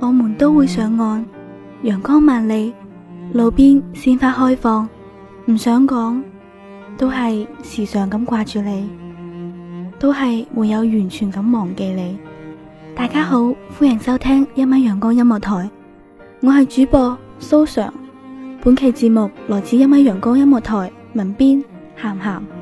我們都會上岸，陽光萬里，路邊鮮花開放。唔想講，都係時常咁掛住你，都係沒有完全咁忘記你。大家好，歡迎收聽一米陽光音樂台，我係主播蘇常。本期節目來自一米陽光音樂台文編，咸咸。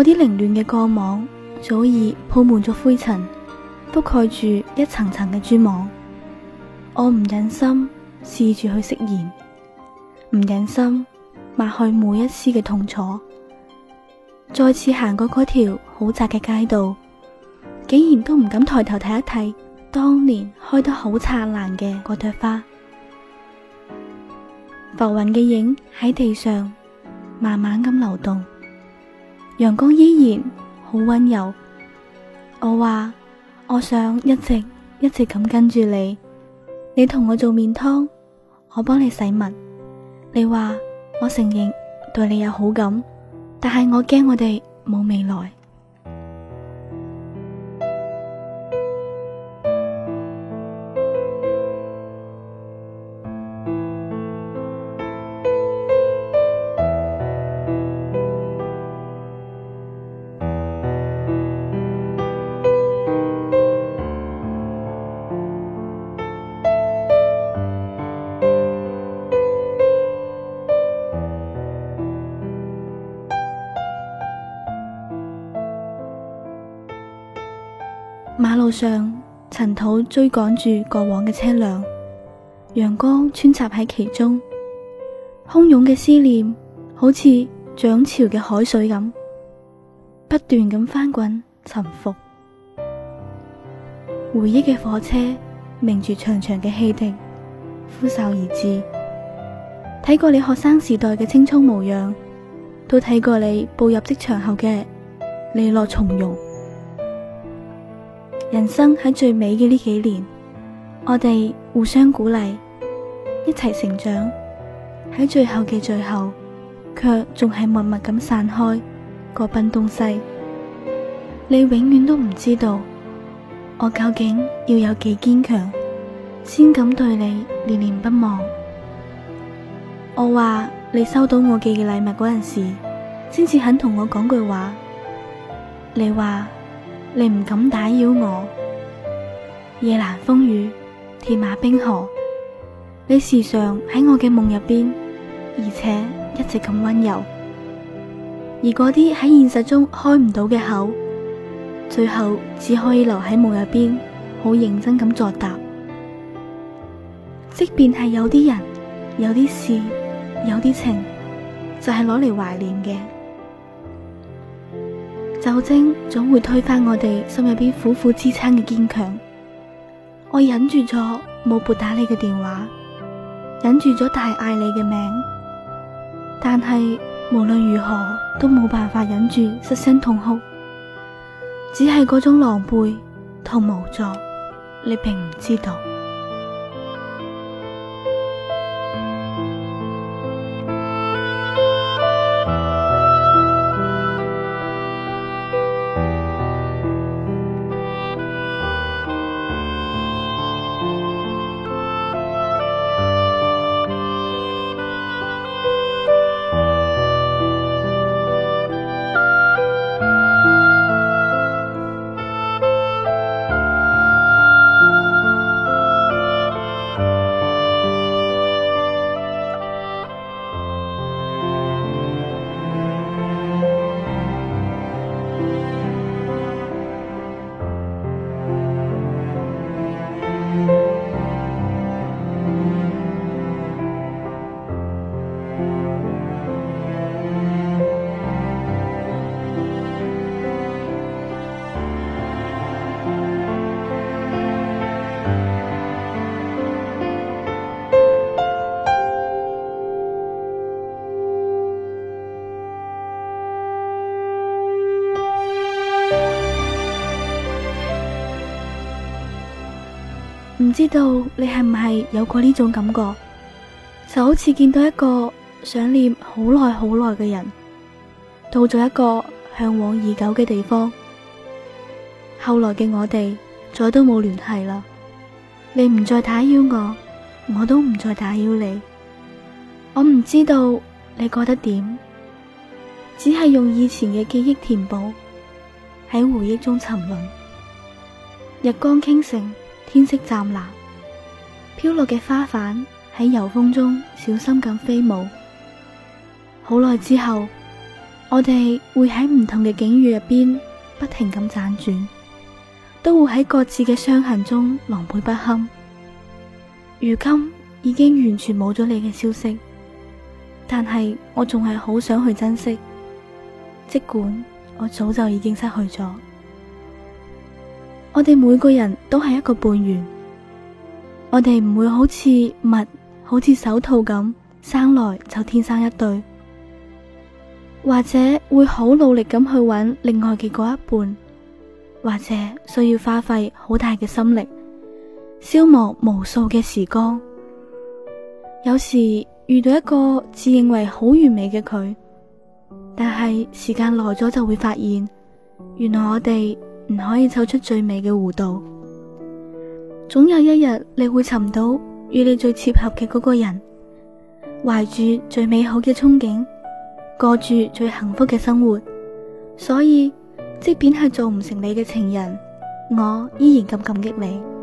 嗰啲凌亂嘅過往早已鋪滿咗灰塵，覆蓋住一層層嘅蛛網。我唔忍心試住去釋然，唔忍心抹去每一絲嘅痛楚。再次行過嗰條好窄嘅街道，竟然都唔敢抬頭睇一睇當年開得好燦爛嘅嗰朵花。浮雲嘅影喺地上慢慢咁流動。陽光依然好溫柔，我話我想一直一直咁跟住你，你同我做麵湯，我幫你洗襪，你話我承認對你有好感，但係我驚我哋冇未來。路上塵土追趕住過往嘅車輛，陽光穿插喺其中，洶湧嘅思念好似漲潮嘅海水咁，不斷咁翻滾沉浮。回憶嘅火車鳴住長長嘅汽笛，呼嘯而至。睇過你學生時代嘅青蔥模樣，都睇過你步入職場後嘅利落從容。人生喺最美嘅呢幾年，我哋互相鼓勵，一齊成長。喺最後嘅最後，卻仲係默默咁散開，各奔東西。你永遠都唔知道，我究竟要有幾堅強，先敢對你念念不忘。我話你收到我寄嘅禮物嗰陣時，先至肯同我講句話。你話？你唔敢打擾我，夜闌風雨，鐵馬冰河，你時常喺我嘅夢入邊，而且一直咁溫柔。而嗰啲喺現實中開唔到嘅口，最後只可以留喺夢入邊，好認真咁作答。即便係有啲人，有啲事，有啲情，就係攞嚟懷念嘅。酒精總會推翻我哋心入邊苦苦支撐嘅堅強，我忍住咗冇撥打你嘅電話，忍住咗大嗌你嘅名，但係無論如何都冇辦法忍住失聲痛哭，只係嗰種狼狽同無助，你並唔知道。唔知道你係唔係有過呢種感覺？就好似見到一個想念好耐好耐嘅人，到咗一個向往已久嘅地方。後來嘅我哋再都冇聯繫啦，你唔再打擾我，我都唔再打擾你。我唔知道你覺得點，只係用以前嘅記憶填補，喺回憶中沉淪。日光傾城。天色湛藍，飄落嘅花瓣喺柔風中小心咁飛舞。好耐之後，我哋會喺唔同嘅境遇入邊不停咁輾轉，都會喺各自嘅傷痕中狼狽不堪。如今已經完全冇咗你嘅消息，但係我仲係好想去珍惜，儘管我早就已經失去咗。我哋每個人都係一個半圓，我哋唔會好似物，好似手套咁生來就天生一對，或者會好努力咁去揾另外嘅嗰一半，或者需要花費好大嘅心力，消磨無數嘅時光。有時遇到一個自認為好完美嘅佢，但係時間耐咗就會發現，原來我哋。唔可以湊出最美嘅弧度，總有一日你會尋到與你最契合嘅嗰個人，懷住最美好嘅憧憬，過住最幸福嘅生活。所以，即便係做唔成你嘅情人，我依然咁感激你。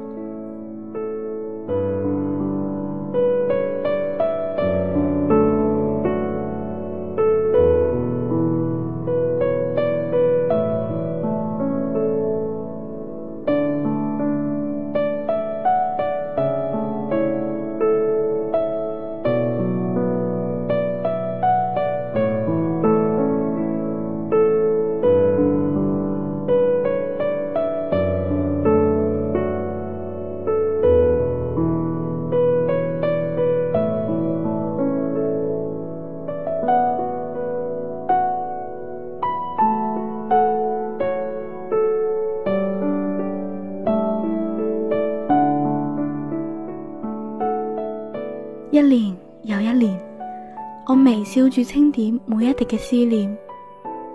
笑住清點每一滴嘅思念，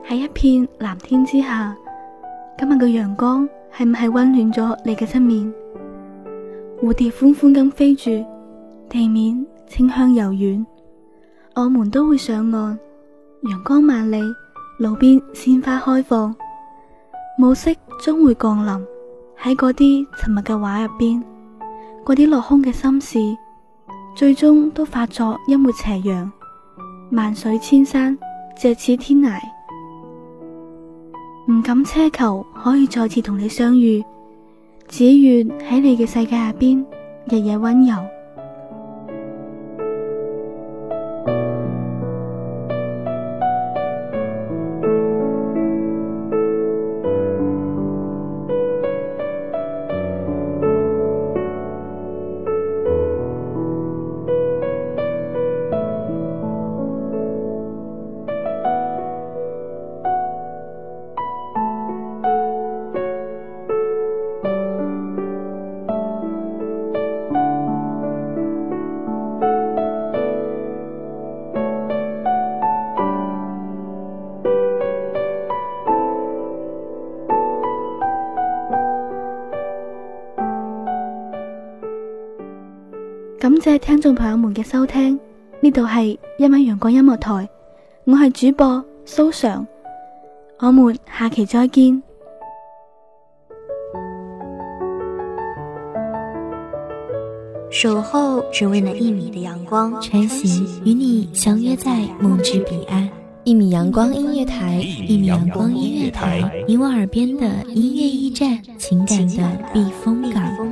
喺一片藍天之下，今日嘅陽光係唔係温暖咗你嘅側面？蝴蝶緩緩咁飛住，地面清香柔軟，我們都會上岸。陽光萬里，路邊鮮花開放，暮色終會降臨喺嗰啲沉默嘅話入邊，嗰啲落空嘅心事，最終都化作一抹斜陽。萬水千山，藉此天涯，唔敢奢求可以再次同你相遇，只願喺你嘅世界入邊，日夜溫柔。謝謝聽眾朋友們嘅收聽，呢度係一米陽光音樂台，我係主播蘇常，我們下期再見。守候只為那一米的陽光，穿行與你相約在夢之彼岸。一米陽光音樂台，一米陽光音樂台，你我耳邊的音樂驛站，情感的避風港。